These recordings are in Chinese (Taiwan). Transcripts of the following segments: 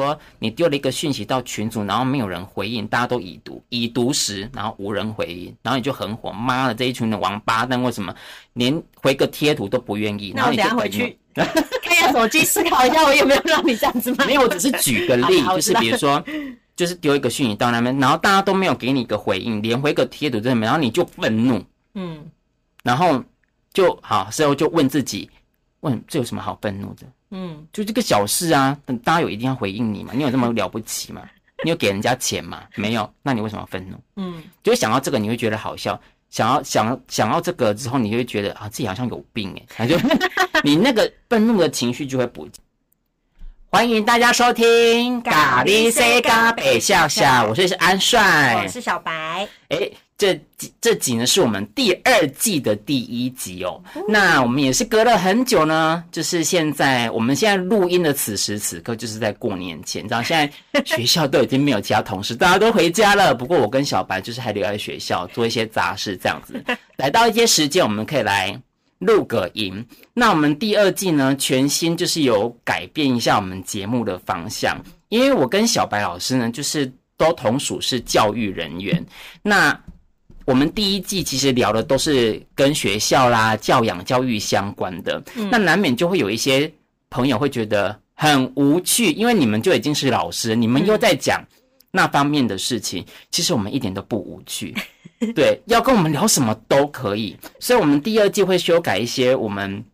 說你丟了一個訊息到群組，然後沒有人回應，大家都已讀已讀時，然後無人回應，然後你就很火，媽的，這一群的王八蛋為什麼連回個貼圖都不願意？然後你再回去 看一下手機，思考一下 我有沒有讓你這樣子嗎？沒有，我只是舉個例， 就是比如說，就是丟一個訊息到那邊，然後大家都沒有給你一個回應，連回個貼圖都沒，然後你就憤怒，嗯，然後就好，所以我就問自己，問這有什麼好憤怒的？嗯，就這個小事啊，等大家有一定要回應你嘛？你有這麼了不起嘛？ 你有給人家錢嘛？沒有，那你為什麼憤怒？嗯，就想到這個，你會覺得好笑。想要想想到這個之後，你就會覺得啊，自己好像有病哎、欸，感覺 你那個憤怒的情緒就會補。 歡迎大家收聽咖喱西咖喱笑笑，我說的是安帥，我是小白。哎、欸。這集這集呢，是我們第二季的第一集哦。那我們也是隔了很久呢，就是現在，我們現在錄音的此時此刻，就是在過年前，你知道，現在學校都已經沒有其他同事，大家都回家了。不過我跟小白就是還留在學校做一些雜事，這樣子，來到一些時間，我們可以來錄個音。那我們第二季呢，全新就是有改變一下我們節目的方向，因為我跟小白老師呢，就是都同屬是教育人員，那。我們第一季其實聊的都是跟學校啦、教養、教育相關的，嗯、那難免就會有一些朋友會覺得很無趣，因為你們就已經是老師，你們又在講那方面的事情，嗯、其實我們一點都不無趣， 對，要跟我們聊什麼都可以，所以我們第二季會修改一些我們。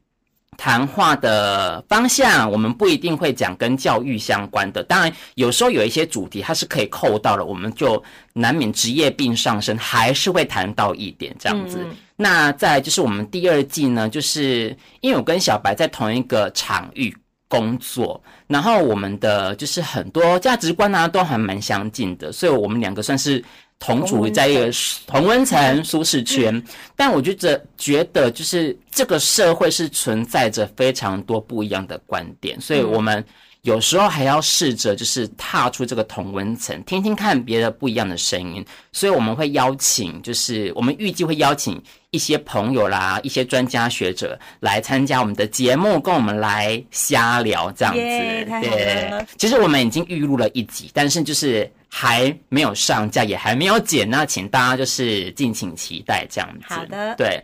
談話的方向，我們不一定會講跟教育相關的。當然，有時候有一些主題它是可以扣到的，我們就難免職業病上身，還是會談到一點這樣子。嗯。那再來就是我們第二季呢，就是因為我跟小白在同一個場域工作，然後我們的就是很多價值觀呢、啊、都還蠻相近的，所以我們兩個算是。同處在一個同溫層舒適圈，溫溫但我覺得覺得就是這個社會是存在着非常多不一樣的觀點，所以我們。嗯有時候還要試着就是踏出這個同溫層，聽聽看別的不一樣的聲音。所以我們會邀請，就是我們預計會邀請一些朋友啦，一些專家學者來參加我們的節目，跟我們來瞎聊這樣子。Yeah, 對。太好了。其實我們已經預錄了一集，但是就是還沒有上架，也還沒有剪，那請大家就是敬請期待這樣子。好的。對，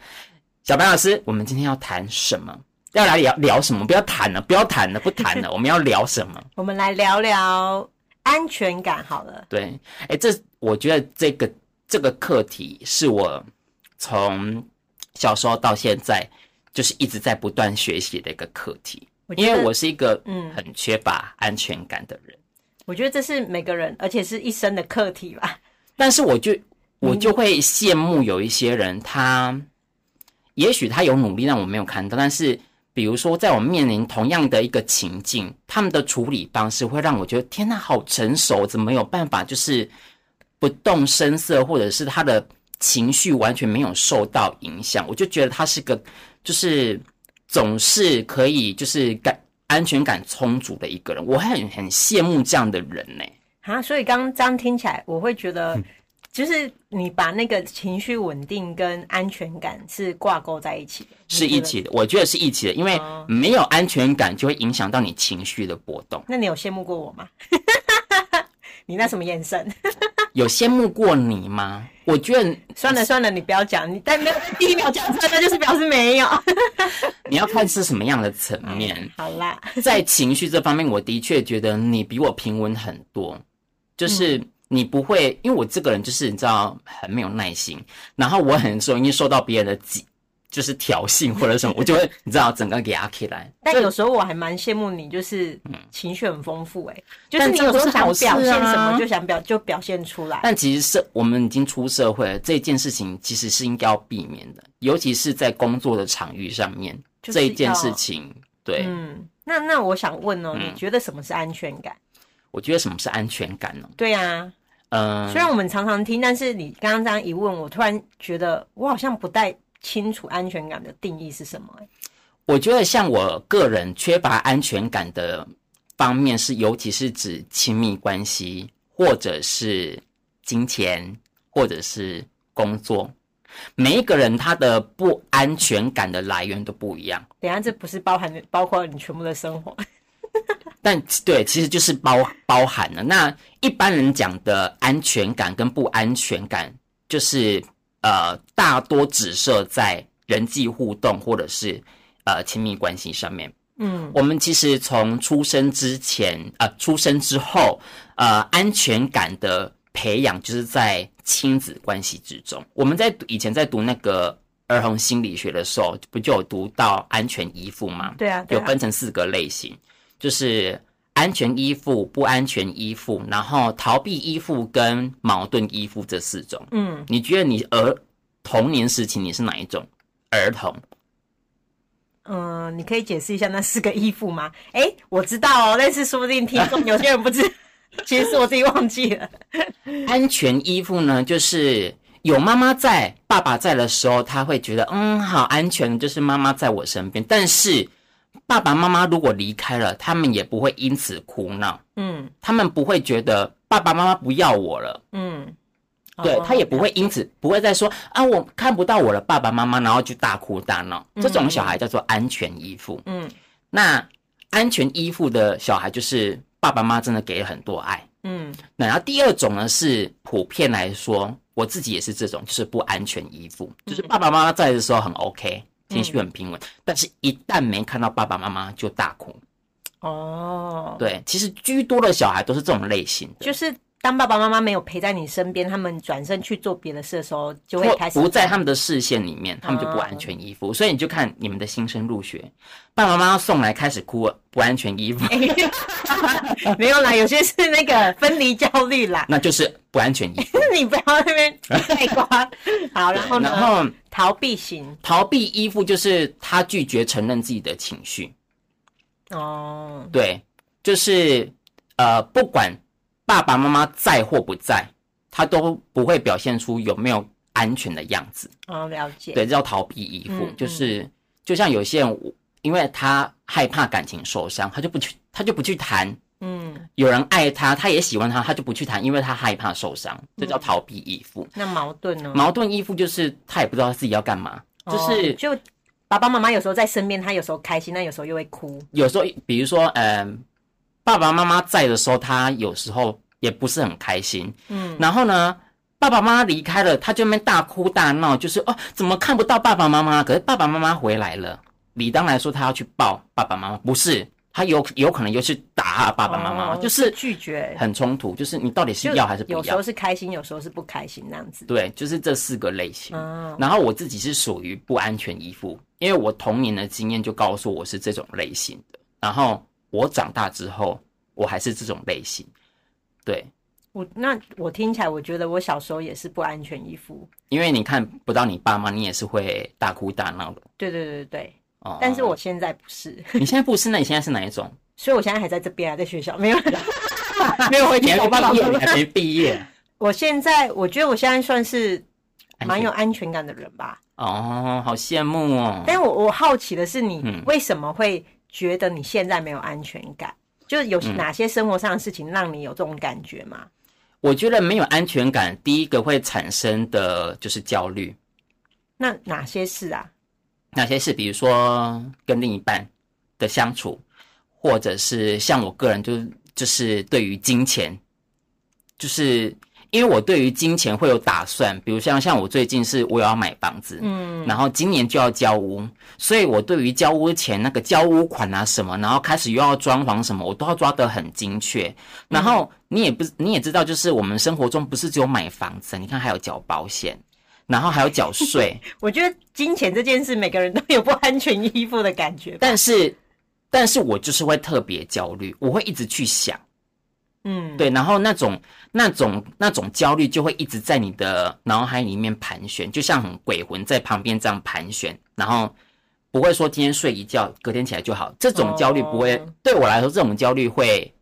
小白老師，我們今天要談什麼？要來聊聊什麼？不要談了，不要談了，不談了。 我們要聊什麼？我們來聊聊安全感好了。對，哎、欸，這我覺得這個這個課題是我從小時候到現在就是一直在不斷學習的一個課題，因為我是一個嗯很缺乏安全感的人、嗯。我覺得這是每個人，而且是一生的課題吧。但是我就我就會羨慕有一些人，嗯、他也許他有努力，讓我沒有看到，但是。比如說，在我面臨同樣的一個情境，他們的處理方式會讓我覺得天哪，好成熟，怎麼有辦法就是不動聲色，或者是他的情緒完全沒有受到影響？我就覺得他是個，就是總是可以就是感安全感充足的一個人，我很很羨慕這樣的人呢、欸。哈，所以剛剛這樣聽起來，我會覺得。嗯就是你把那個情緒穩定跟安全感是掛鈎在一起的，是一起的。的我覺得是一起的，因為沒有安全感就會影響到你情緒的波動。那你有羨慕過我嗎？ 你那什麼眼神？有羨慕過你嗎？我覺得算了算了，你不要講。你但沒有第 一秒講出來， 那就是表示沒有。 你要看是什麼樣的層面好。好啦，在情緒這方面，我的確覺得你比我平穩很多，就是。嗯你不會，因為我這個人就是你知道很沒有耐心，然後我很容易受到別人的激，就是挑釁或者什麼， 我就會你知道整個給壓起來。但有時候我還蠻羨慕你，就是情緒很豐富、欸，哎、嗯，就是你有時候想表現什麼就，就想表就表現出來。但其實是我們已經出社會了，這件事情其實是應該要避免的，尤其是在工作的場域上面這一件事情。對，嗯，那那我想問哦、喔，嗯、你覺得什麼是安全感？我覺得什麼是安全感呢？對呀、啊。嗯，雖然我們常常聽，但是你剛剛這樣一問，我突然覺得我好像不太清楚安全感的定義是什麼欸。我覺得像我個人缺乏安全感的方面是，尤其是指親密關係，或者是金錢，或者是工作。每一個人他的不安全感的來源都不一樣。等下，這不是包含包括你全部的生活？但對，其實就是包包含了。那一般人講的安全感跟不安全感，就是呃，大多指涉在人際互動或者是呃親密關係上面。嗯，我們其實從出生之前呃出生之後，呃，安全感的培養就是在親子關係之中。我們在以前在讀那個兒童心理學的時候，不就有讀到安全依附嗎？嗯，對啊，對啊，有分成四個類型。就是安全依附、不安全依附，然後逃避依附跟矛盾依附這四種。嗯，你覺得你兒童年時期你是哪一種兒童？嗯，你可以解釋一下那四個依附嗎？哎，我知道哦，但是說不定聽眾有些人不知， 其實是我自己忘記了。安全依附呢，就是有媽媽在、爸爸在的時候，他會覺得嗯好安全，就是媽媽在我身邊，但是。爸爸媽媽如果離開了，他們也不會因此哭鬧。嗯，他們不會覺得爸爸媽媽不要我了。嗯，對，oh, 他也不會因此不會再說 okay. 啊，我看不到我的爸爸媽媽，然後就大哭大鬧。嗯嗯嗯，這種小孩叫做安全依附。嗯，嗯，那安全依附的小孩就是爸爸媽真的給了很多愛。嗯，那然後第二種呢，是普遍來說，我自己也是這種，就是不安全依附，嗯嗯，就是爸爸媽媽在的時候很 OK。情緒很平穩，嗯，但是一旦沒看到爸爸媽媽就大哭。哦，對，其實居多的小孩都是這種類型的，就是。當爸爸媽媽沒有陪在你身邊，他們轉身去做別的事的時候，就會開始不在他們的視線裡面，他們就不安全依附。哦，所以你就看你們的新生入學，爸爸媽媽要送來開始哭，不安全依附。 沒有啦，有些是那個分離焦慮啦， 那就是不安全依附。 你不要在那邊內刮，好，然後呢，然後逃避型逃避依附就是他拒絕承認自己的情緒。哦，對，就是呃，不管。爸爸媽媽在或不在，他都不會表現出有沒有安全的樣子。哦，了解。對，叫逃避依附，嗯、就是就像有些人，因為他害怕感情受傷，他就不去，他就不去談。嗯。有人愛他，他也喜歡他，他就不去談，因為他害怕受傷。嗯、這叫逃避依附。那矛盾呢？矛盾依附就是他也不知道自己要幹嘛，哦、就是就爸爸媽媽有時候在身邊，他有時候開心，他有時候又會哭。有時候，比如說，嗯、呃。爸爸媽媽在的時候，他有時候也不是很開心，嗯。然後呢，爸爸媽媽離開了，他就那邊大哭大鬧，就是哦，怎麼看不到爸爸媽媽？可是爸爸媽媽回來了，理當來說他要去抱爸爸媽媽，不是，他有有可能又去打爸爸媽媽，哦、就是拒絕，很衝突。就，就是你到底是要還是不要？有時候是開心，有時候是不開心，那樣子。對，就是這四個類型。哦、然後我自己是屬於不安全依附，因為我童年的經驗就告訴我是這種類型的。然後。我長大之後，我還是這種類型，對。我那我聽起來，我覺得我小時候也是不安全依附，因為你看不到你爸媽，你也是會大哭大鬧的。對對對對哦。Oh. 但是我現在不是。你現在不是？那你現在是哪一種？ 所以我現在還在這邊，還在學校，沒有， 還沒有回台灣，沒畢業。我現在，我覺得我現在算是蠻有安全感的人吧。哦，oh, 好羨慕哦。但我我好奇的是，你為什麼會、嗯？覺得你現在沒有安全感，就是有哪些生活上的事情讓你有這種感覺嗎？嗯，我覺得沒有安全感，第一個會產生的就是焦慮。那哪些事啊？哪些事？比如說跟另一半的相處，或者是像我個人就，就是就是對於金錢，就是。因為我對於金錢會有打算，比如像像我最近是我要買房子，嗯，然後今年就要交屋，所以我對於交屋錢，那個交屋款啊什麼，然後開始又要裝潢什麼，我都要抓得很精確。嗯、然後你也不你也知道，就是我們生活中不是只有買房子，你看還有繳保險，然後還有繳稅。 我覺得金錢這件事，每個人都有不安全依附的感覺。但是，但是我就是會特別焦慮，我會一直去想。嗯，對，然後那種那種那種焦慮就會一直在你的腦海裡面盤旋，就像鬼魂在旁邊這樣盤旋，然後不會說今天睡一覺，隔天起來就好。這種焦慮不會、哦、對我來說，這種焦慮會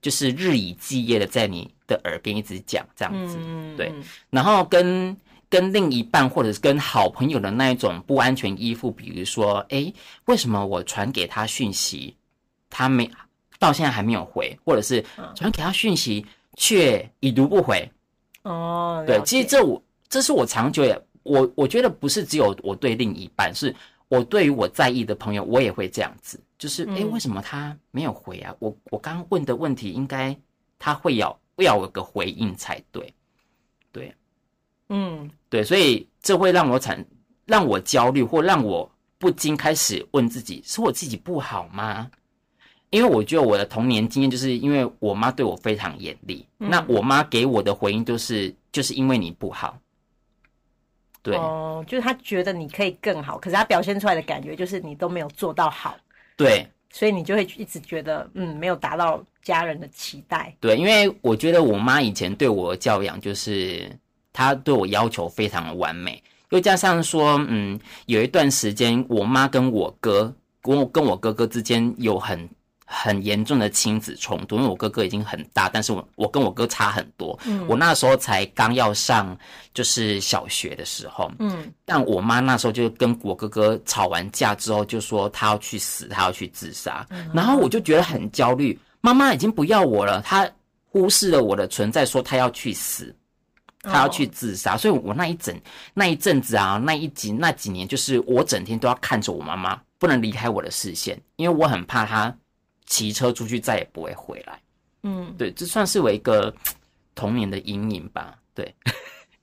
就是日以繼夜的在你的耳邊一直講這樣子，嗯嗯嗯對。然後跟跟另一半或者是跟好朋友的那一種不安全依附，比如說，誒、欸，為什麼我傳給他訊息，他沒？到現在還沒有回，或者是傳給他訊息卻 Okay. 已讀不回。哦，oh, 對，了解。其實這我這是我長久也我我覺得不是只有我對另一半，是我對於我在意的朋友，我也會這樣子，就是哎，嗯，欸，為什麼他沒有回啊？我我剛剛問的問題，應該他會要會要有個回應才對，對，嗯，對，所以這會讓我產讓我焦慮，或讓我不禁開始問自己，是我自己不好嗎？因為我覺得我的童年經驗就是因為我媽對我非常嚴厲，嗯、那我媽給我的回應就是就是因為你不好，對，哦，就是她覺得你可以更好，可是她表現出來的感覺就是你都沒有做到好，對、啊，所以你就會一直覺得嗯沒有達到家人的期待，對，因為我覺得我媽以前對我的教養就是她對我要求非常完美，又加上說嗯有一段時間我媽跟我哥我跟我哥哥之間有很很嚴重的親子衝突，因為我哥哥已經很大，但是我我跟我哥差很多。嗯，我那時候才剛要上就是小學的時候，嗯，但我媽那時候就跟我哥哥吵完架之後，就說他要去死，他要去自殺。嗯、哼然後我就覺得很焦慮，媽媽已經不要我了，她忽視了我的存在，說她要去死，她要去自殺。哦、所以，我那一整那一陣子啊，那一幾那幾年，就是我整天都要看着我媽媽，不能離開我的視線，因為我很怕她。騎車出去，再也不會回來。嗯，對，這算是我一個童年的陰影吧。對，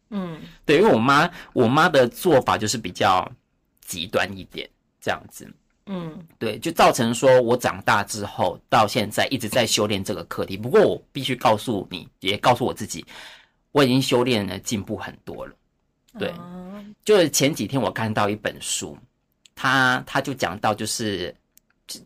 嗯， 對，因為我媽，我媽的做法就是比較極端一點，這樣子。嗯，對，就造成說我長大之後到現在一直在修煉這個課題。不過我必須告訴你，也告訴我自己，我已經修煉了進步很多了。對，嗯，就是前幾天我看到一本書，他他就講到就是。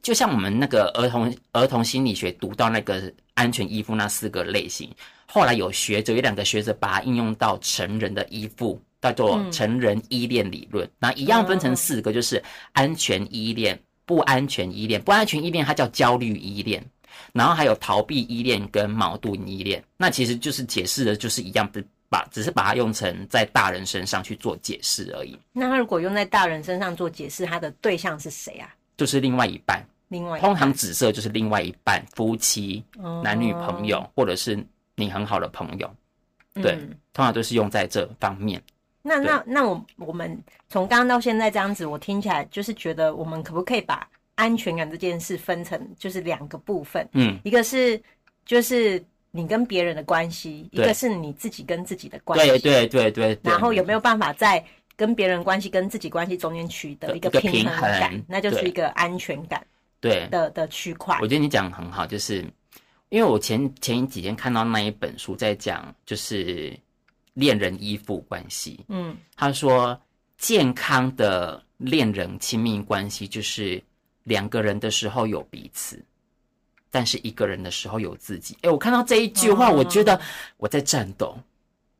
就像我們那個兒童兒童心理學讀到那個安全依附那四個類型，後來有學者有兩個學者把它應用到成人的依附，叫做成人依戀理論。那、嗯、一樣分成四個，就是安全依戀、嗯、不安全依戀、不安全依戀、不安全依戀，它叫焦慮依戀，然後還有逃避依戀跟矛盾依戀。那其實就是解釋的，就是一樣，不把只是把它用成在大人身上去做解釋而已。那他如果用在大人身上做解釋，他的對象是誰啊？就是另外一半，另外一半通常紫色就是另外一半，夫妻、哦、男女朋友，或者是你很好的朋友，嗯、對，通常都是用在這方面。那對那那我我們從剛剛到現在這樣子，我聽起來就是覺得，我們可不可以把安全感這件事分成就是兩個部分？嗯，一個是就是你跟別人的關係，對一個是你自己跟自己的關係。對，對對對對。然後有沒有辦法在？跟別人關係跟自己關係中間取得一個平衡感，衡那就是一個安全感對。對的的區塊，我覺得你講得很好，就是因為我前前幾天看到那一本書在講，就是戀人依附關係。嗯，他說健康的戀人親密關係就是兩個人的時候有彼此，但是一個人的時候有自己。哎、欸，我看到這一句話，哦、我覺得我在震斗、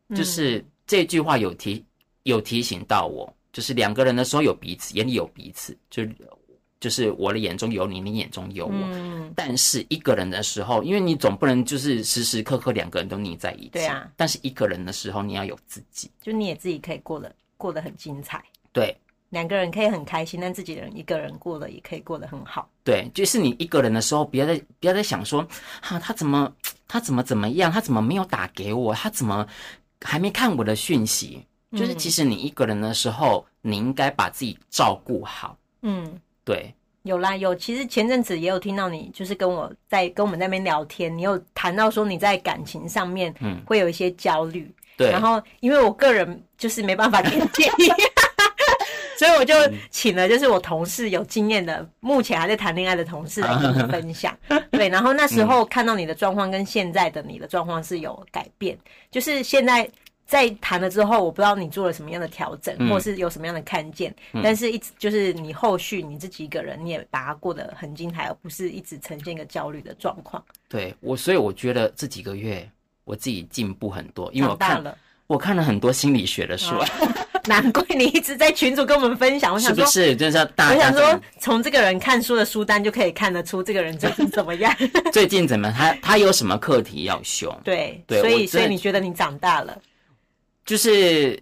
嗯、就是這句話有提有提醒到我，就是兩個人的時候有彼此，眼裡有彼此，就就是我的眼中有你，你眼中有我。嗯，但是一個人的時候，因為你總不能就是時時刻刻兩個人都膩在一起。對啊。但是一個人的時候，你要有自己。就你也自己可以過得過得很精彩。對。兩個人可以很開心，但自己人一個人過了也可以過得很好。對，就是你一個人的時候，不要再不要再想說，哈，他怎麼他怎麼怎麼樣，他怎麼沒有打給我，他怎麼還沒看我的訊息。就是其實你一個人的時候，嗯、你應該把自己照顧好。嗯，對，有啦有。其實前陣子也有聽到你，就是跟我在跟我們在那邊聊天，你有談到說你在感情上面會有一些焦慮、嗯。對。然後因為我個人就是沒辦法給你 所以我就請了就是我同事有經驗的，目前還在談戀愛的同事來跟你分享。 對。然後那時候看到你的狀況跟現在的你的狀況是有改變，嗯、就是現在。在談了之後，我不知道你做了什麼樣的調整，嗯、或是有什麼樣的看見，嗯、但是一直就是你後續你自己一個人，你也把它過得很精彩，而不是一直呈現一個焦慮的狀況。對我，所以我覺得這幾個月我自己進步很多，因為我看了我看了很多心理學的書。哦，難怪你一直在群組跟我們分享。 我想說，是不是、就是、要大，我想說，從這個人看書的書單就可以看得出這個人究竟怎麼樣。 最近怎麼他他有什麼課題要修？對對，對所以這所以你覺得你長大了？就是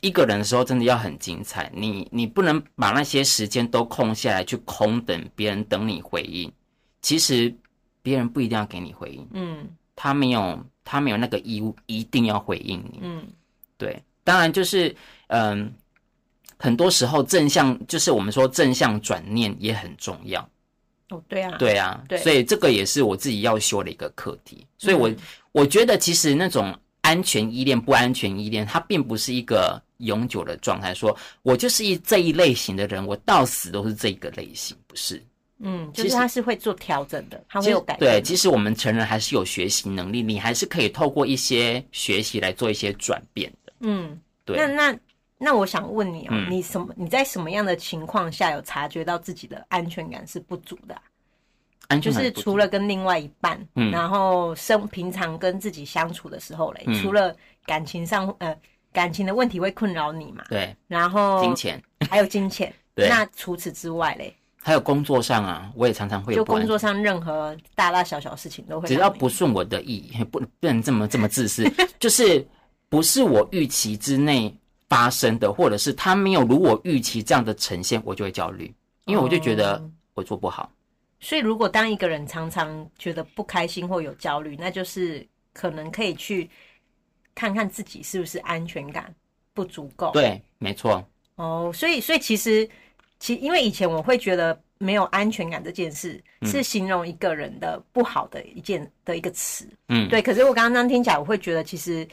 一個人的時候，真的要很精彩。你你不能把那些時間都空下來去空等別人等你回應。其實別人不一定要給你回應，嗯，他沒有他沒有那個義務一定要回應你，嗯，對。當然就是嗯、呃，很多時候正向就是我們說正向轉念也很重要。哦，對啊，對啊，對。所以這個也是我自己要修的一個課題。所以我、嗯、我覺得其實那種。安全依戀、不安全依戀，它並不是一個永久的狀態，說我就是一、這一類型的人，我到死都是這一個類型，不是。嗯，其實他是會做調整的，其實，他會有改變。對，其實我們成人還是有學習能力，你還是可以透過一些學習來做一些轉變的。嗯，對。那那那，我想問你哦，嗯，你什麼？你在什麼樣的情況下有察覺到自己的安全感是不足的啊？安是就是除了跟另外一半，嗯，然後生平常跟自己相處的時候嘞，嗯，除了感情上，呃，感情的問題會困擾你嘛？對，然後金錢，還有金錢。對，那除此之外嘞，還有工作上啊，我也常常會有。就工作上任何大大小小事情都會，只要不順我的意，不不能這麼這麼自私， 就是不是我預期之內發生的，或者是他沒有如我預期這樣的呈現，我就會焦慮，因為我就覺得我做不好。哦。所以，如果當一個人常常覺得不開心或有焦慮，那就是可能可以去看看自己是不是安全感不足夠。對，沒錯。哦，所以，所以其實，其因為以前我會覺得沒有安全感這件事是形容一個人的不好的一件、嗯、的一個詞。嗯，對。可是我剛剛聽起來，我會覺得其實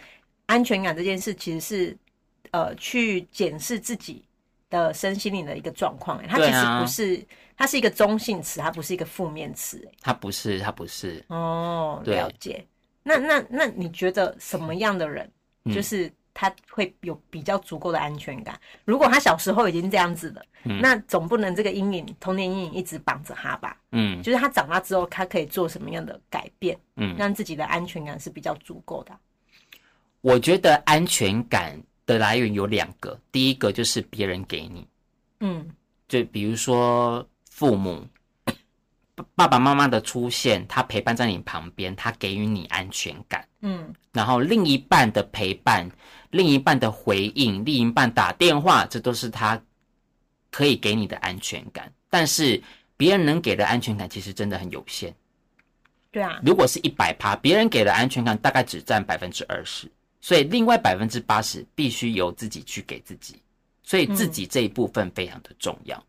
安全感這件事其實是呃去檢視自己。的身心靈的一個狀況、欸，哎，他其實不是，他、啊、是一個中性詞，他不是一個負面詞、欸，他不是，他不是，哦，對了解。那那那，那你覺得什麼樣的人，就是他會有比較足夠的安全感？嗯、如果他小時候已經這樣子了，嗯、那總不能這個陰影，童年陰影一直綁着他吧？嗯，就是他長大之後，他可以做什麼樣的改變，嗯，讓自己的安全感是比較足夠的？我覺得安全感，的來源有兩個，第一個就是別人給你，嗯，就比如說父母，爸爸媽媽的出現，他陪伴在你旁邊，他給予你安全感，嗯，然後另一半的陪伴，另一半的回應，另一半打電話，這都是他可以給你的安全感。但是別人能給的安全感其實真的很有限，對啊，嗯，如果是一百趴，別人給的安全感大概只佔百分之二十。所以另外百分之八十必須由自己去給自己，所以自己這一部分非常的重要。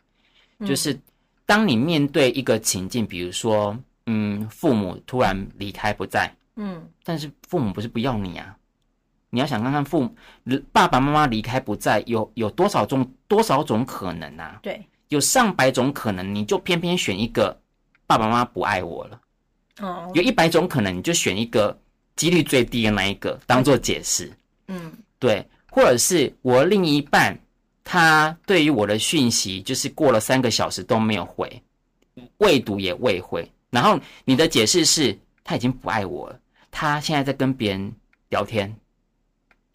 就是當你面對一個情境，比如說，嗯，父母突然離開不在，嗯，但是父母不是不要你啊，你要想看看父母爸爸媽媽離開不在有有多少種多少種可能啊？對，有上百種可能，你就偏偏選一個爸爸媽媽不愛我了，哦，有一百種可能你就選一個。幾率最低的那一個當做解釋，嗯，對，或者是我另一半他對於我的訊息就是過了三個小時都沒有回，未讀也未回，然後你的解釋是他已經不愛我了，他現在在跟別人聊天，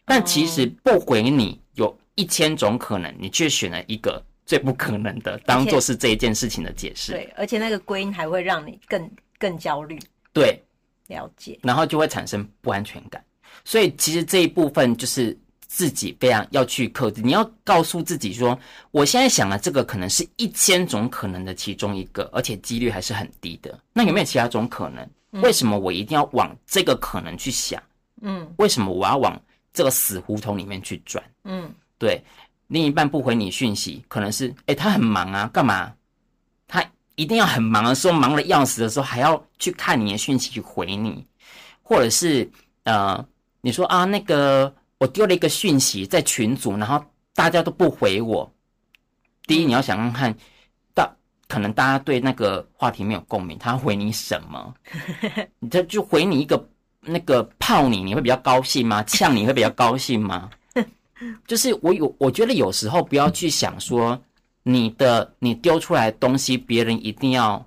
但其實不回你有一千種可能，你卻選了一個最不可能的當做是這一件事情的解釋，對，而且那個歸因還會讓你更更焦慮，對。了解，然後就會產生不安全感，所以其實這一部分就是自己非常要去克制。你要告訴自己說，我現在想的這個可能是一千種可能的其中一個，而且幾率還是很低的。那有沒有其他種可能？為什麼我一定要往這個可能去想？嗯，為什麼我要往這個死胡同裡面去轉？嗯，對，另一半不回你訊息，可能是，哎，他很忙啊，幹嘛？一定要很忙的時候，忙的要死的時候，還要去看你的訊息去回你，或者是呃，你說啊，那個我丟了一個訊息在群組，然後大家都不回我。第一，你要想想看，大可能大家對那個話題沒有共鳴，他回你什麼？他就，就回你一個那個泡你，你會比較高興嗎？嗆你會比較高興嗎？ 就是我有，我覺得有時候不要去想說。你的你丟出來的東西，別人一定要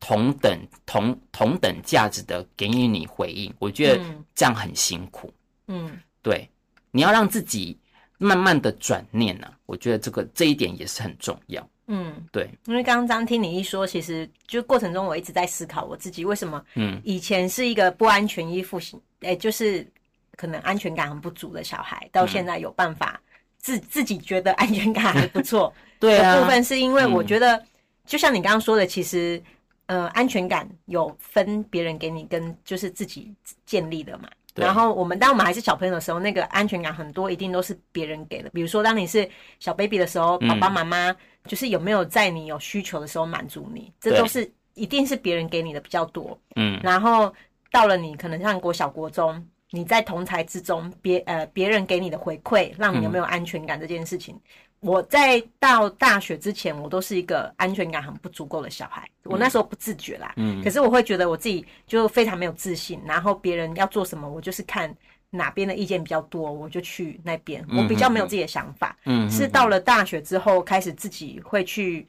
同等同同等價值的給予你回應。我覺得這樣很辛苦。嗯，對，你要讓自己慢慢的轉念呢、啊。我覺得這個這一點也是很重要。嗯，對，因為剛，剛剛聽你一說，其實就過程中我一直在思考我自己為什麼，嗯，以前是一個不安全依附型，哎、嗯，就是可能安全感很不足的小孩，到現在有辦法、嗯、自自己覺得安全感還不錯。 對啊、的部分是因為我覺得，嗯、就像你剛剛說的，其實，呃，安全感有分別人給你跟就是自己建立的嘛。對然後我們當我們還是小朋友的時候，那個安全感很多一定都是別人給的。比如說，當你是小 baby 的時候，嗯、爸爸媽媽就是有沒有在你有需求的時候滿足你，對這都是一定是別人給你的比較多。嗯，然後到了你可能像國小、國中，你在同才之中，別呃別人給你的回饋，讓你有沒有安全感這件事情。嗯我在到大學之前，我都是一個安全感很不足夠的小孩。嗯、我那時候不自覺啦，嗯，可是我會覺得我自己就非常沒有自信，然後別人要做什麼，我就是看哪邊的意見比較多，我就去那邊。我比較沒有自己的想法，嗯哼哼，是到了大學之後，開始自己會去，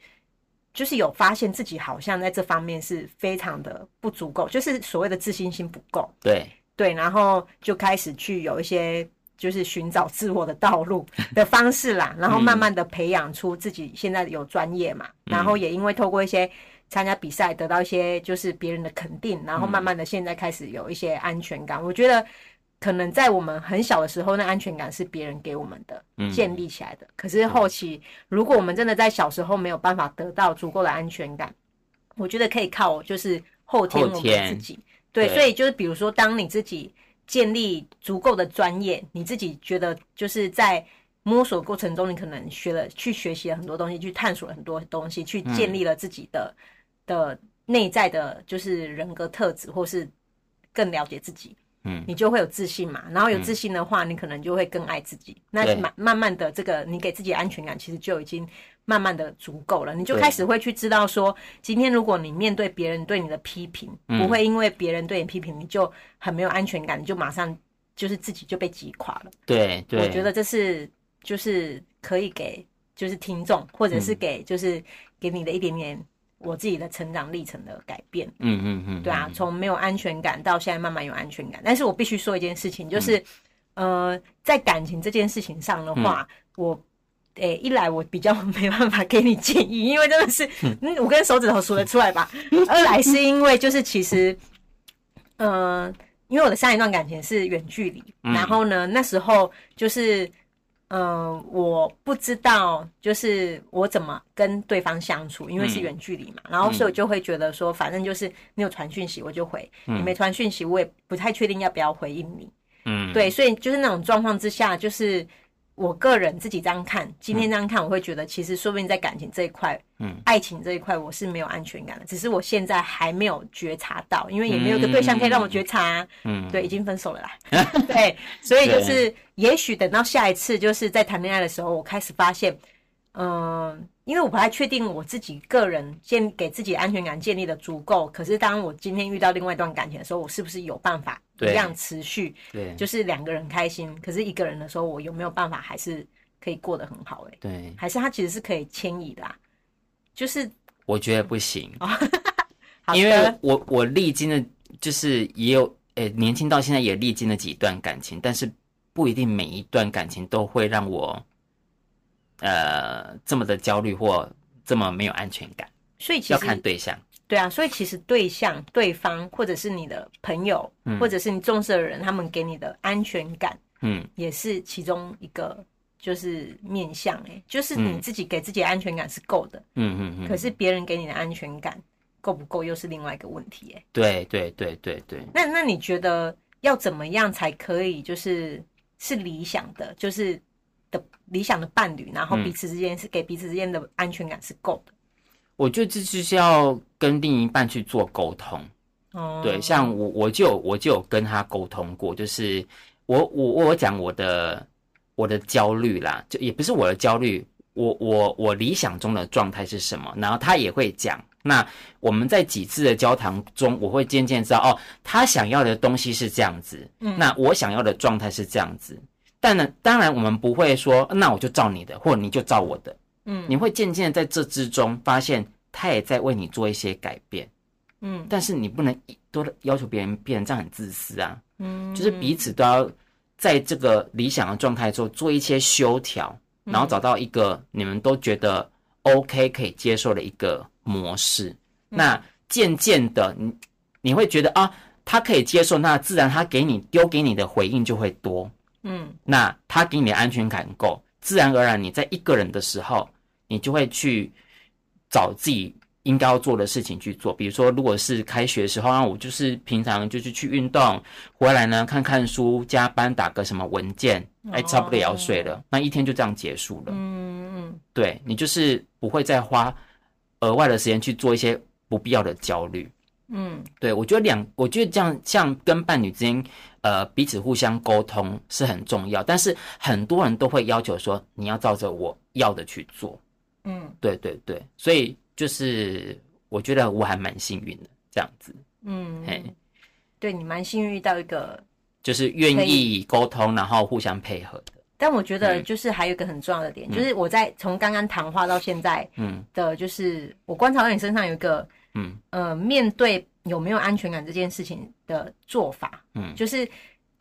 就是有發現自己好像在這方面是非常的不足夠，就是所謂的自信心不夠，對，對，然後就開始去有一些。就是尋找自我的道路的方式啦，然後慢慢的培養出自己現在有專業嘛，然後也因為透過一些參加比賽得到一些就是別人的肯定，然後慢慢的現在開始有一些安全感。我覺得可能在我們很小的時候，那安全感是別人給我們的，建立起來的。可是後期如果我們真的在小時候沒有辦法得到足夠的安全感，我覺得可以靠我就是後天我們自己。對，所以就是比如說當你自己。建立足夠的專業，你自己覺得就是在摸索過程中，你可能學了，去學習了很多東西，去探索了很多東西，去建立了自己的的內在的，就是人格特質，或是更了解自己。嗯，你就會有自信嘛，然後有自信的話，你可能就會更愛自己。嗯、那慢慢的，這個你給自己安全感，其實就已經慢慢的足夠了。對你就開始會去知道說，今天如果你面對別人對你的批評，嗯、不會因為別人對你批評，你就很沒有安全感，你就馬上就是自己就被擊垮了。對，對，我覺得這是就是可以給就是聽眾，或者是給就是給你的一點點。我自己的成長歷程的改變，嗯嗯嗯，對啊，從沒有安全感到現在慢慢有安全感。但是我必須說一件事情，就是，呃，在感情這件事情上的話，我，誒，一來我比較沒辦法給你建議，因為真的是，嗯，五根手指頭數得出來吧。二來是因為就是其實，嗯，因為我的上一段感情是遠距離，然後呢，那時候就是。嗯、呃，我不知道，就是我怎麼跟對方相處，因為是遠距離嘛，嗯、然後所以我就會覺得說，反正就是你有傳訊息我就回，嗯、你沒傳訊息我也不太確定要不要回應你，嗯，對，所以就是那種狀況之下，就是。我個人自己這樣看，今天這樣看，我會覺得其實說不定在感情這一塊，嗯，愛情這一塊我是沒有安全感的，只是我現在還沒有覺察到，因為也沒有個對象可以讓我覺察啊，嗯，嗯，對，已經分手了啦， 對，所以就是也許等到下一次就是在談戀愛的時候，我開始發現，嗯，呃。因為我不太確定我自己個人建給自己安全感建立的足夠，可是當我今天遇到另外一段感情的時候，我是不是有辦法一樣持續？對，對就是兩個人開心，可是一個人的時候，我有沒有辦法還是可以過得很好、欸？哎，對，還是他其實是可以遷移的、啊，就是我覺得不行， 好的因為我我歷經的，就是也有誒、欸，年輕到現在也歷經了幾段感情，但是不一定每一段感情都會讓我。呃，這麼的焦慮或這麼沒有安全感，所以其實要看對象。對啊，所以其實對象、對方或者是你的朋友，嗯、或者是你重視的人，他們給你的安全感，嗯，也是其中一個就是面向哎、欸，嗯、就是你自己給自己的安全感是夠的，嗯嗯嗯。可是別人給你的安全感夠不夠，又是另外一個問題、欸、對對對對對，對那。那那你覺得要怎麼樣才可以，就是是理想的，就是。的理想的伴侶，然後彼此之間是給彼此之間的安全感是夠的。嗯、我覺得這就是要跟另一半去做溝通。嗯、對，像我，我就我就有跟他溝通過，就是我我我講我的我的焦慮啦，就也不是我的焦慮，我我我理想中的狀態是什麼？然後他也會講。那我們在幾次的交談中，我會漸漸知道哦，他想要的東西是這樣子，嗯、那我想要的狀態是這樣子。但呢，當然我們不會說，那我就照你的，或者你就照我的，嗯，你會漸漸在這之中發現，他也在為你做一些改變，嗯，但是你不能一都要求別人變，人這樣很自私啊，嗯，嗯就是彼此都要在這個理想的狀態之後做一些修調，嗯、然後找到一個你們都覺得 OK 可以接受的一個模式，嗯嗯嗯、那漸漸的你你會覺得啊，他可以接受，那自然他給你丟給你的回應就會多。嗯，那他給你的安全感夠，自然而然你在一個人的時候，你就會去找自己應該要做的事情去做。比如說，如果是開學的時候，那我就是平常就是去運動，回來呢看看書，加班打個什麼文件，哎，差不多也要睡了，哦嗯，那一天就這樣結束了。嗯嗯，嗯對你就是不會再花額外的時間去做一些不必要的焦慮。嗯，對我覺得兩，我覺得這樣像，像跟伴侶之間。呃，彼此互相溝通是很重要，但是很多人都會要求說，你要照着我要的去做。嗯，對對對，所以就是我覺得我還蠻幸運的，這樣子。嗯，哎嘿，對你蠻幸運遇到一個就是願意溝通，然後互相配合的。但我覺得就是還有一個很重要的點，嗯，就是我在從剛剛談話到現在，嗯，的就是我觀察到你身上有一個，嗯呃，面對。有沒有安全感這件事情的做法，嗯，就是，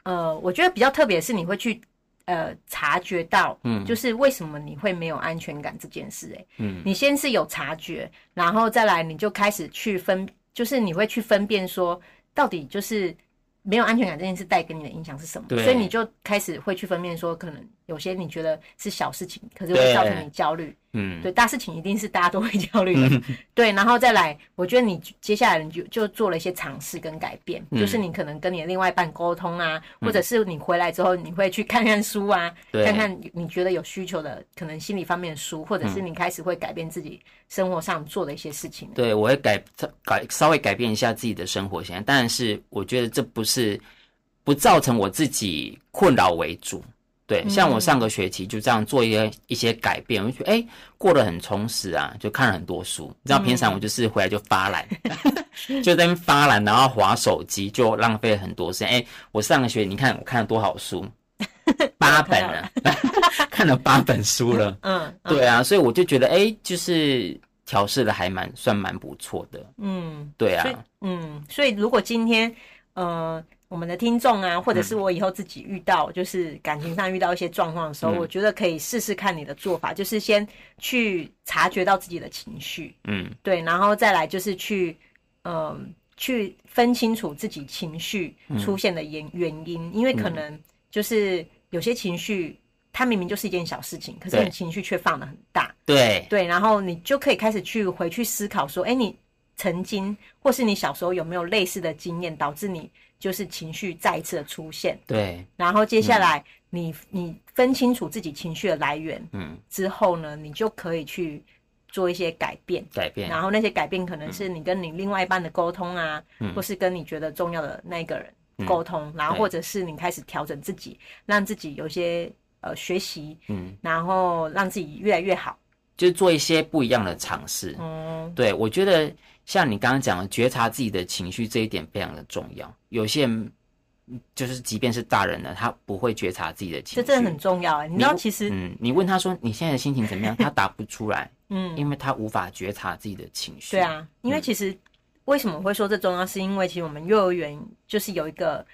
呃，我覺得比較特別的是，你會去，呃，察覺到，嗯，就是為什麼你會沒有安全感這件事，欸，嗯，你先是有察覺，然後再來，你就開始去分，就是你會去分辨說，到底就是沒有安全感這件事帶給你的影響是什麼，對，所以你就開始會去分辨說，可能有些你覺得是小事情，可是會造成你焦慮。嗯，對，大事情一定是大家都會焦慮的。嗯、對，然後再來，我覺得你接下來你就就做了一些嘗試跟改變，就是你可能跟你的另外一半溝通啊，嗯、或者是你回來之後你會去看看書啊，嗯、看看你覺得有需求的對可能心理方面的書，或者是你開始會改變自己生活上做的一些事情。對，我會改改稍微改變一下自己的生活型態，但是我覺得這不是不造成我自己困擾為主。對，像我上個學期就這樣做一些，嗯、一些改變，我就覺得哎，欸，過得很充實啊，就看了很多書。你知道平常我就是回來就發懶，嗯、 就在那邊發懶，然後滑手機，就浪費了很多時間。哎，欸，我上個學期，你看我看了多少書？ 八本了， 看了八本書了。 嗯，對啊，所以我就覺得哎，欸，就是調適得，還蠻算蠻不錯的。嗯，對啊，嗯，所以如果今天呃。我們的聽眾啊，或者是我以後自己遇到，嗯、就是感情上遇到一些狀況的時候，嗯、我覺得可以試試看你的做法，就是先去察覺到自己的情緒，嗯，對，然後再來就是去，嗯、呃，去分清楚自己情緒出現的原原因，嗯、因為可能就是有些情緒，它明明就是一件小事情，可是你情緒卻放得很大，對對，對，然後你就可以開始去回去思考說，誒，你曾經或是你小時候有沒有類似的經驗，導致你。就是情緒再一次的出現，對。對，然後接下來，嗯、你你分清楚自己情緒的來源，嗯，之後呢，你就可以去做一些改變，改變。然後那些改變可能是、嗯、你跟你另外一半的溝通啊，嗯，或是跟你覺得重要的那個人溝通，嗯、然後或者是你開始調整自己，嗯、讓自己有些呃學習，嗯，然後讓自己越來越好。就做一些不一樣的嘗試，嗯、對，我覺得像你剛剛講的，覺察自己的情緒這一點非常的重要。有些人就是即便是大人了，他不會覺察自己的情緒，這真的很重要、欸。你知道，其實嗯，你問他說，你現在的心情怎麼樣？他答不出來， 嗯，因為他無法覺察自己的情緒。對啊，因為其實為什麼會說這重要，是因為其實我們幼兒園就是有一個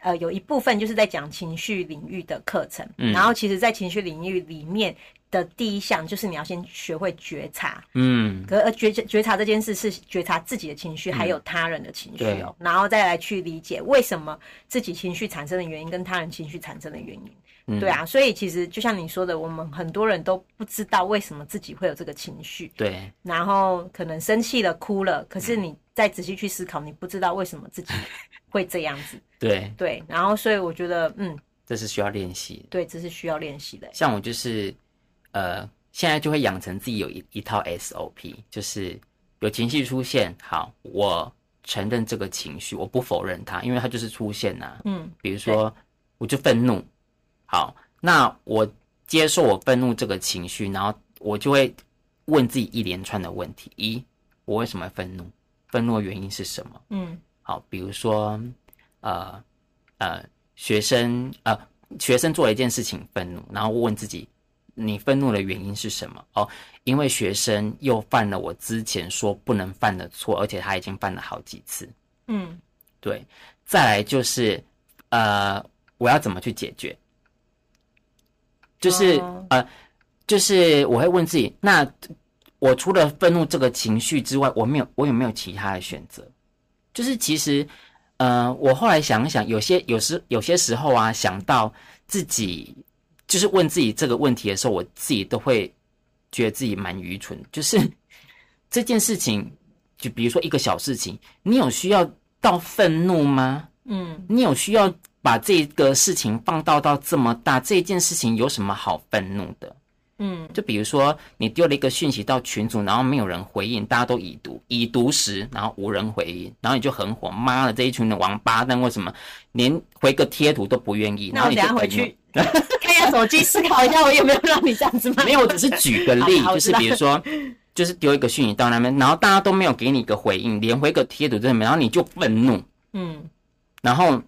呃有一部分就是在講情緒領域的課程，嗯、然後其實，在情緒領域裡面。的第一項就是你要先學會覺察，嗯，可呃，覺覺察這件事是覺察自己的情緒，還有他人的情緒哦，嗯、然後再來去理解為什麼自己情緒產生的原因跟他人情緒產生的原因，嗯、對啊，所以其實就像你說的，我們很多人都不知道為什麼自己會有這個情緒，對，然後可能生氣了、哭了，可是你再仔細去思考，你不知道為什麼自己會這樣子，對對，然後所以我覺得，嗯，這是需要練習，對，這是需要練習的，像我就是。呃，現在就會養成自己有一一套 SOP，就是有情緒出現，好，我承認這個情緒，我不否認它，因為它就是出現了啊。嗯，比如說對我就憤怒，好，那我接受我憤怒這個情緒，然後我就會問自己一連串的問題：一，我為什麼憤怒？憤怒的原因是什麼？嗯，好，比如說，呃，呃，學生呃，學生做了一件事情憤怒，然後我問自己。你憤怒的原因是什麼？哦，因為學生又犯了我之前說不能犯的錯，而且他已經犯了好幾次。嗯，對。再來就是，呃，我要怎麼去解決？就是、哦、呃，就是我會問自己，那我除了憤怒這個情緒之外，我沒有我有沒有其他的選擇？就是其實，呃，我後來想一想，有些有時有些時候啊，想到自己。就是問自己這個問題的時候，我自己都會覺得自己蠻愚蠢。就是這件事情，就比如說一個小事情，你有需要到憤怒嗎？嗯，你有需要把這個事情放大到這麼大？這件事情有什麼好憤怒的？嗯，就比如說你丟了一個訊息到群組，然後沒有人回應，大家都已讀已讀時，然後無人回應，然後你就很火，媽的這一群的王八蛋為什麼連回個貼圖都不願意？然後你就回去 看一下手機，思 考一下我有沒有讓你這樣子嗎？沒有，我只是舉個例， 好就是比如說， 就是丟一個訊息到那邊，然後大家都沒有給你一個回應，連回個貼圖都沒有，然後你就憤怒。嗯然，然後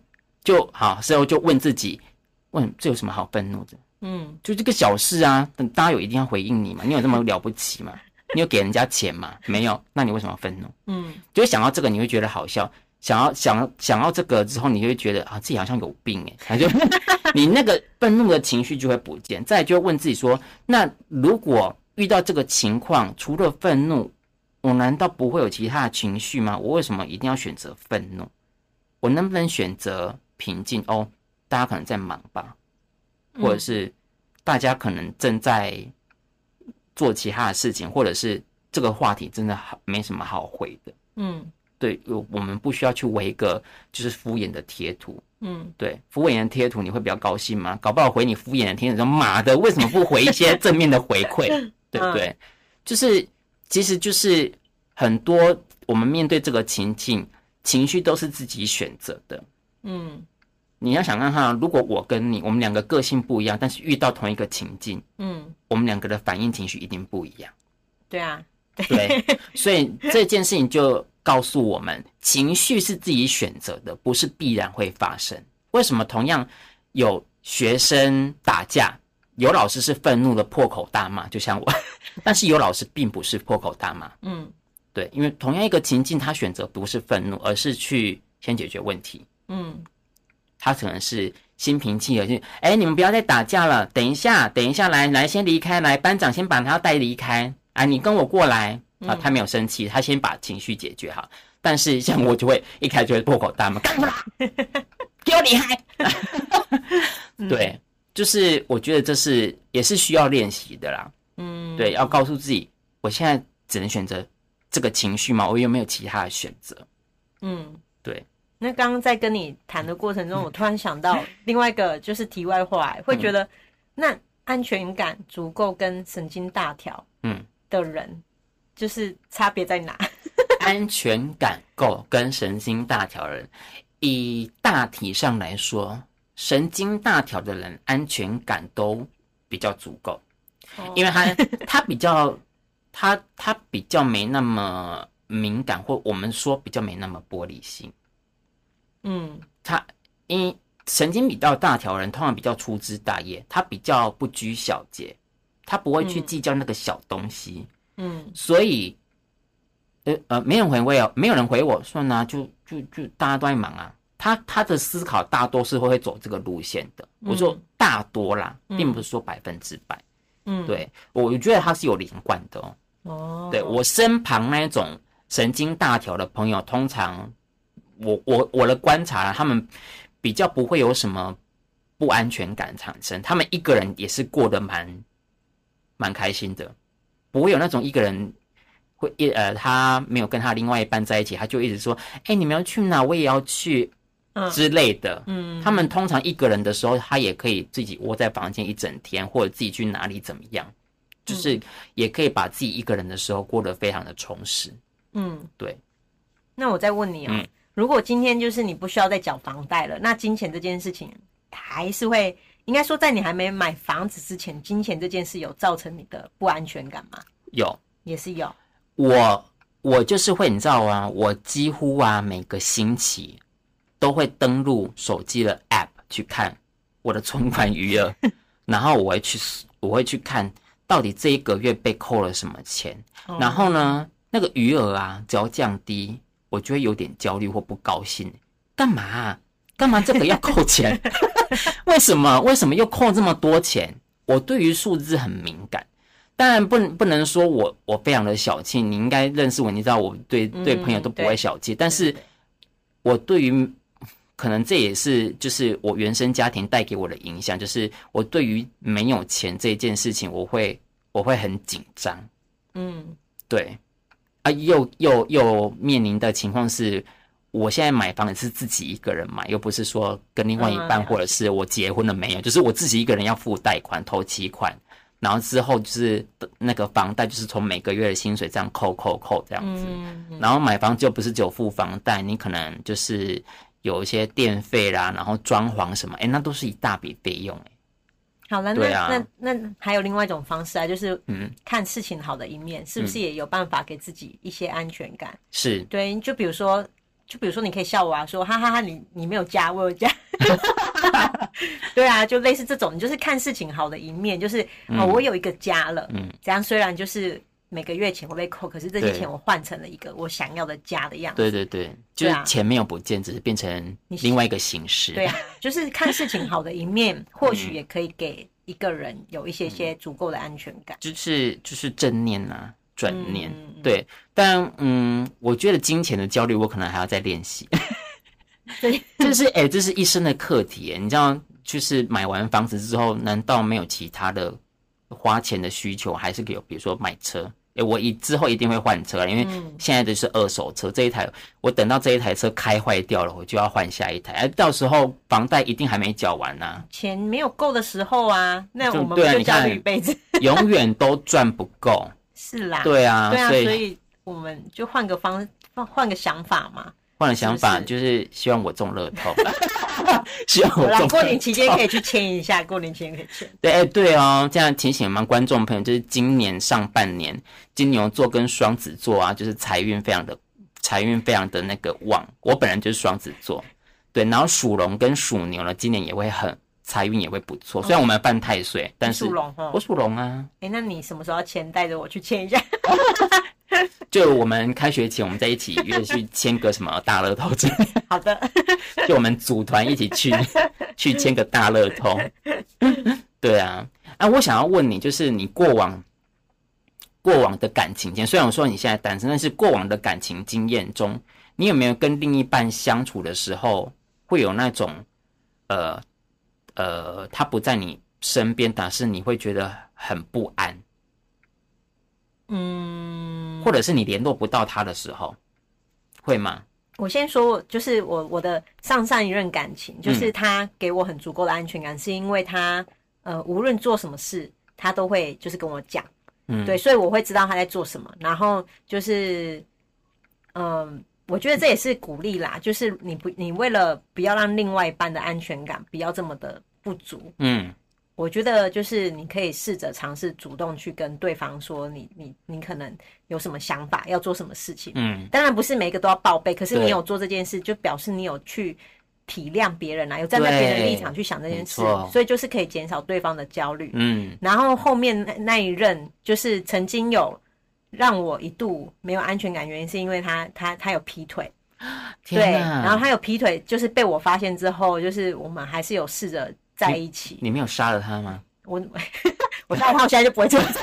就好時候就問自己，問這有什麼好憤怒的？嗯，就這個小事啊，等大家有一定要回應你嘛，你有那麼了不起嗎？你有給人家錢嗎？沒有，那你為什麼憤怒？嗯，就會想到這個，你會覺得好笑。想要想想要這個之後，你會覺得啊，自己好像有病哎、欸。他就 你那個憤怒的情緒就會不見，再就問自己說：那如果遇到這個情況，除了憤怒，我難道不會有其他的情緒嗎？我為什麼一定要選擇憤怒？我能不能選擇平靜？哦，大家可能在忙吧。或者是大家可能正在做其他的事情，嗯、或者是這個話題真的好沒什麼好回的。嗯，對，我們不需要去回一個就是敷衍的貼圖。嗯，對，敷衍的貼圖你會比較高興嗎？搞不好回你敷衍的貼圖說媽的，為什麼不回一些正面的回饋？ 對不對，對？就是其實，就是很多我們面對這個情境情緒都是自己選擇的。嗯。你要想看哈，如果我跟你，我們兩個個性不一樣，但是遇到同一個情境，嗯，我們兩個的反應情緒一定不一樣，對啊，對，對，所以這件事情就告訴我們， 情緒是自己選擇的，不是必然會發生。為什麼同樣有學生打架，有老師是憤怒的破口大罵，就像我，但是有老師並不是破口大罵，嗯，對，因為同樣一個情境，他選擇不是憤怒，而是去先解決問題，嗯。他可能是心平氣和，就、欸、哎，你們不要再打架了，等一下，等一下，來來，先離開，來班長先把他帶離開，啊，你跟我過來，啊、嗯，他沒有生氣，他先把情緒解決好。但是像我就會、嗯、一開就會破口大罵，幹嘛，丟你害， 對，就是我覺得這是也是需要練習的啦，嗯，對，要告訴自己，我現在只能選擇這個情緒嘛，我有沒有其他的選擇？嗯。那剛剛在跟你談的過程中，我突然想到另外一個就是題外話、欸，嗯、會覺得，那安全感足夠跟神經大條嗯，大的人，就是差別在哪？安全感夠跟神經大條人，以大體上來說，神經大條的人安全感都比較足夠，哦、因為他 他比較他他比較沒那麼敏感，或我們說比較沒那麼玻璃心。嗯，他因神經比較大條人，通常比較粗枝大葉，他比較不拘小節，他不會去計較那個小東西。嗯，嗯所以，呃呃，沒人回我，哦，沒有人回我算啦，啊，就就就，就大家都在忙啊。他他的思考大多是會會走這個路線的，嗯，我說大多啦，並不是說百分之百。嗯，對我覺得他是有連貫的哦。哦，對我身旁那種神經大條的朋友，通常。我我我的觀察啊，他們比較不會有什麼不安全感產生。他們一個人也是過得蠻蠻開心的，不會有那種一個人會一呃，他沒有跟他另外一半在一起，他就一直說：“哎、欸，你們要去哪？我也要去”之類的。啊嗯，他們通常一個人的時候，他也可以自己窩在房間一整天，或者自己去哪裡怎麼樣，就是也可以把自己一個人的時候過得非常的充實。嗯，對。那我再問你啊、哦。嗯如果今天就是你不需要再繳房貸了，那金錢這件事情還是會，應該說在你還沒買房子之前，金錢這件事有造成你的不安全感嗎？有，也是有。我對我就是會，你知道啊，我幾乎啊每個星期都會登錄手機的 App 去看我的存款餘額， 然後我會去我會去看到底這一個月被扣了什麼錢，嗯、然後呢那個餘額啊只要降低，我覺得有點焦慮或不高興，幹嘛啊？干嘛這個要扣錢？ 為什麼？為什麼又扣這麼多錢？我對於數字很敏感但，當然不不能說我我非常的小氣。你應該認識我，你知道我對對朋友都不會小氣、嗯，但是，我對於可能這也是就是我原生家庭帶給我的影響，就是我對於沒有錢這件事情我，我會我會很緊張。嗯，對。啊，又又又面臨的情況是，我現在買房也是自己一個人買，又不是說跟另外一半，或者是我結婚了沒有，就是我自己一個人要付貸款、頭期款，然後之後就是那個房貸就是從每個月的薪水這樣扣扣扣這樣子，然後買房就不是只有付房貸，你可能就是有一些電費啦，然後裝潢什麼，哎，那都是一大筆費用，欸。好了，那、啊、那那還有另外一種方式啊，就是嗯，看事情好的一面，嗯、是不是也有辦法給自己一些安全感？是、嗯、對，就比如說，就比如說，你可以笑我啊，說哈哈哈，你你沒有家，我有家， 對啊，就類似這種，你就是看事情好的一面，就是啊、嗯，我有一個家了，嗯，這樣雖然就是。每個月錢會被扣，可是這些錢我換成了一個我想要的家的樣子。對對對，對啊、就是錢沒有不見，只是變成另外一個形式。對呀、啊，就是看事情好的一面， 或許也可以給一個人有一些些足夠的安全感。嗯、就是就是正念吶、啊，轉念、嗯、對。但嗯，我覺得金錢的焦慮，我可能還要再練習。對、 就是，這是哎，這是一生的課題、欸。你知道，就是買完房子之後，難道沒有其他的花錢的需求？還是給我，比如說買車？欸、我以之後一定會換車，因為現在的就是二手車。嗯、這一台我等到這一台車開壞掉了，我就要換下一台。哎、欸，到時候房貸一定還沒繳完呢、啊，錢沒有夠的時候啊，那我們就下一輩子，永遠都賺不夠。是啦，對啊，對啊， 所以我們就換個方換換個想法嘛，換個想法就是希望我中樂透。是不是 希望我過年期間可以去簽一下， 過年期間可以簽。對，哎、欸，對哦，這樣提醒我們觀眾朋友，就是今年上半年，金牛座跟雙子座啊，就是財運非常的財運非常的那個旺。我本人就是雙子座，對，然後屬龍跟屬牛呢，今年也會很財運也會不錯。嗯、雖然我們要犯太歲，嗯、但是屬龍、哦、我屬龍啊。哎、欸，那你什麼時候要簽？帶着我去簽一下。 就我們開學前，我們在一起約去簽個什麼大樂透之類。 好的， 就我們組團一起去 去簽個大樂透。 對啊，哎、啊，我想要問你，就是你過往過往的感情經，雖然我說你現在單身，但是過往的感情經驗中，你有沒有跟另一半相處的時候，會有那種呃呃，他不在你身邊，但是你會覺得很不安？嗯。或者是你聯絡不到他的時候，會嗎？我先說，就是我我的上上一任感情，嗯、就是他給我很足夠的安全感，是因為他呃，無論做什麼事，他都會就是跟我講，嗯，對，所以我會知道他在做什麼，然後就是，嗯、呃，我覺得這也是鼓勵啦，嗯、就是你不，你為了不要讓另外一半的安全感不要這麼的不足，嗯。我覺得就是你可以試着嘗試主動去跟對方說，你你你可能有什麼想法，要做什麼事情，嗯，當然不是每一個都要報備，可是你有做這件事對就表示你有去體諒別人啦、啊，有站在別人的立場去想這件事，所以就是可以減少對方的焦慮，嗯。然後後面那那一任就是曾經有讓我一度沒有安全感，原因是因為他他他有劈腿，啊、對，然後他有劈腿就是被我發現之後，就是我們還是有試着。在一起，你沒有殺了他嗎？我 我殺了他，我現在就不會這樣子。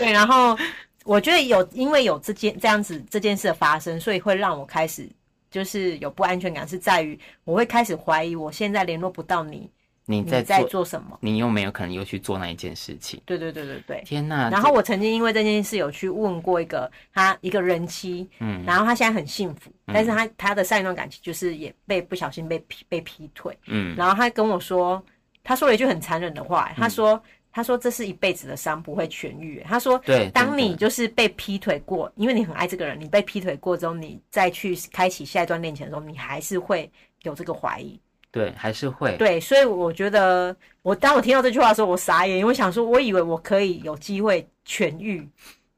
對，然後我覺得有，因為有這件這樣子這件事的發生，所以會讓我開始就是有不安全感，是在於我會開始懷疑，我現在聯絡不到你。你在，你在做什麼？你又沒有可能又去做那一件事情？對對對對對天、啊。天哪！然後我曾經因為這件事有去問過一個他一個人妻，嗯，然後他現在很幸福，嗯、但是他他的上一段感情就是也被不小心被劈被劈腿，嗯，然後他跟我說，他說了一句很殘忍的話，嗯、他說他說這是一輩子的傷不會痊癒，他說，對，當你就是被劈腿過，對對對，因為你很愛這個人，你被劈腿過之後，你再去開啟下一段戀情的時候，你還是會有這個懷疑。對，還是會。對，所以我覺得，我當我聽到這句話的時候，我傻眼，因為我想說，我以為我可以有機會痊癒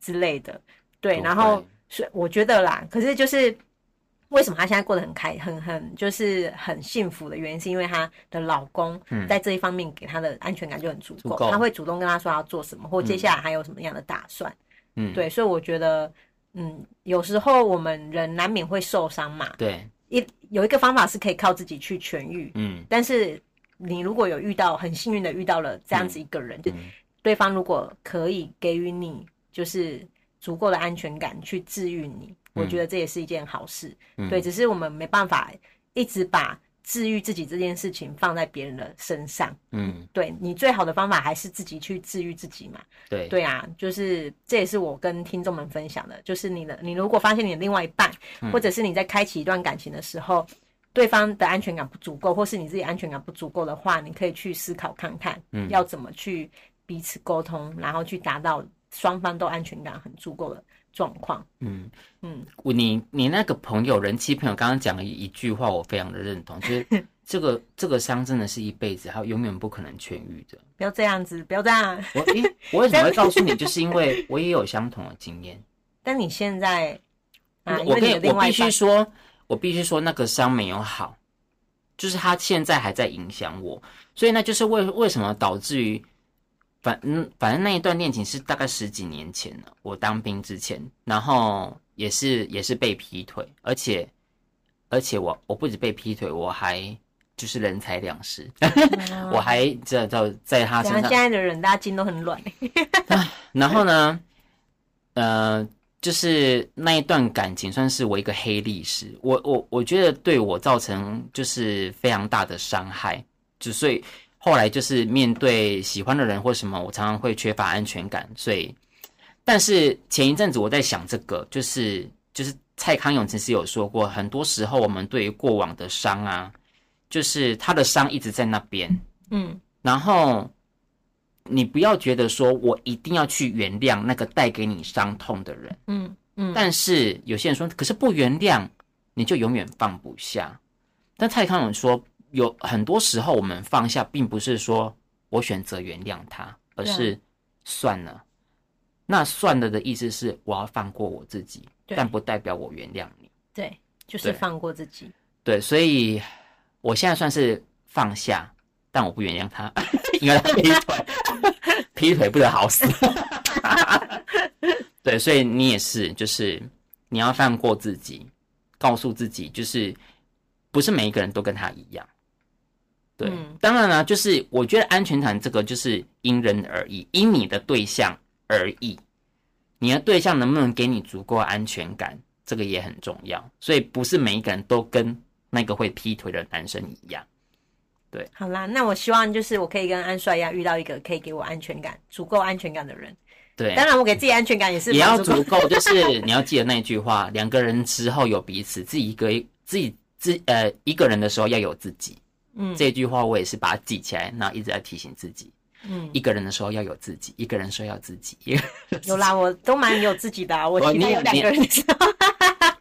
之類的，對，會然後所以我覺得啦，可是就是為什麼她現在過得很開，很很就是很幸福的原因，是因為她的老公在這一方面給她的安全感就很足夠，嗯、足她會主動跟她說要做什麼，或接下來還有什麼樣的打算，嗯，對，所以我覺得，嗯，有時候我們人難免會受傷嘛，對。一有一個方法是可以靠自己去痊癒，嗯，但是你如果有遇到很幸運的遇到了這樣子一個人，嗯嗯、就對方如果可以給予你就是足夠的安全感去治癒你，嗯、我覺得這也是一件好事，對，嗯、只是我們沒辦法一直把治癒自己這件事情放在別人的身上，嗯，對你最好的方法還是自己去治癒自己嘛。對，對啊，就是這也是我跟聽眾們分享的，就是你的，你如果發現你的另外一半，或者是你在開啟一段感情的時候，嗯，對方的安全感不足夠，或是你自己安全感不足夠的話，你可以去思考看看，嗯，要怎麼去彼此溝通，然後去達到雙方都安全感很足夠的。狀況，嗯嗯，嗯，你你那個朋友，人妻朋友剛剛講了一句話，我非常的認同，就是這個這個傷真的是一輩子，還有永遠不可能痊癒的。不要這樣子，不要這樣。我誒、欸，我為什麼會告訴你？ 就是因為我也有相同的經驗。但你現在，啊、我可以，我必須說，我必須說那個傷沒有好，就是他現在還在影響我，所以那就是為為什麼導致於。反嗯，反正那一段戀情是大概十幾年前了，我當兵之前，然後也是也是被劈腿，而且而且我我不止被劈腿，我還就是人財兩失，嗯、 我還在在他身上。現在的人大家心都很亂 。然後呢，對呃，就是那一段感情算是我一個黑歷史，我我我覺得對我造成就是非常大的傷害，就所以。後來就是面對喜歡的人或什麼，我常常會缺乏安全感。所以，但是前一陣子我在想這個，就是就是蔡康永其實有說過，很多時候我們對於過往的傷啊，就是他的傷一直在那邊，嗯。然後你不要覺得說我一定要去原諒那個帶給你傷痛的人，嗯嗯。嗯，但是有些人說，可是不原諒你就永遠放不下。但蔡康永說。有很多時候，我們放下，並不是說我選擇原諒他，而是算了。啊，那算了的意思是，我要放過我自己，對但不代表我原諒你。對，就是放過自己對。對，所以我現在算是放下，但我不原諒他，因為他劈腿， 劈腿不得好死。 對，所以你也是，就是你要放過自己，告訴自己，就是不是每一個人都跟他一樣。對，嗯、當然呢、啊，就是我覺得安全感這個就是因人而異，因你的對象而異。你的對象能不能給你足夠安全感，這個也很重要。所以不是每一個人都跟那個會劈腿的男生一樣。對，好啦，那我希望就是我可以跟安帥一樣，遇到一個可以給我安全感、足夠安全感的人。對，當然我給自己安全感也是也要足夠。就是你要記得那句話：兩 個人之後有彼此，自己一個自己自己呃一個人的時候要有自己。嗯，這句話我也是把它記起來，然後一直在提醒自己。嗯，一個人的時候要有自己，一個人說要自己。有啦， 我都蠻有自己的、啊。我體內有兩個人。的時候、哦、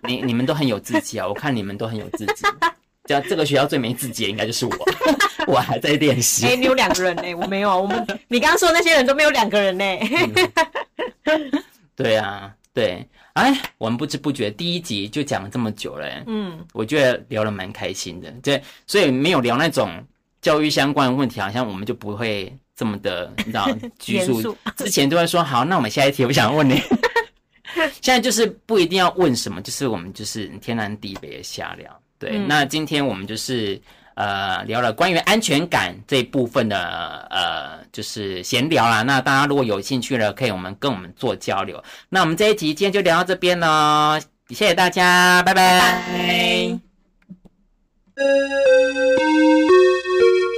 你你， 你，你們都很有自己啊！我看你們都很有自己。 這樣這個學校最沒自己的應該就是我，我還在練習。哎、 欸，你有兩個人呢、欸？我沒有啊。我們你剛剛說的那些人都沒有兩個人哈、欸 嗯，對啊。對，哎，我們不知不覺第一集就講了這麼久了，嗯，我覺得聊得蠻開心的，對，所以沒有聊那種教育相關的問題，好像我們就不會這麼的，你知道，拘束。肅之前都會說好，那我們下一題，我想問你。 現在就是不一定要問什麼，就是我們就是天南地北的瞎聊。對，嗯、那今天我們就是。呃，聊了關於安全感這部分的，呃，就是閒聊啦。那大家如果有興趣呢，可以我們跟我們做交流。那我們這一集今天就聊到這邊咯，謝謝大家，拜拜。拜拜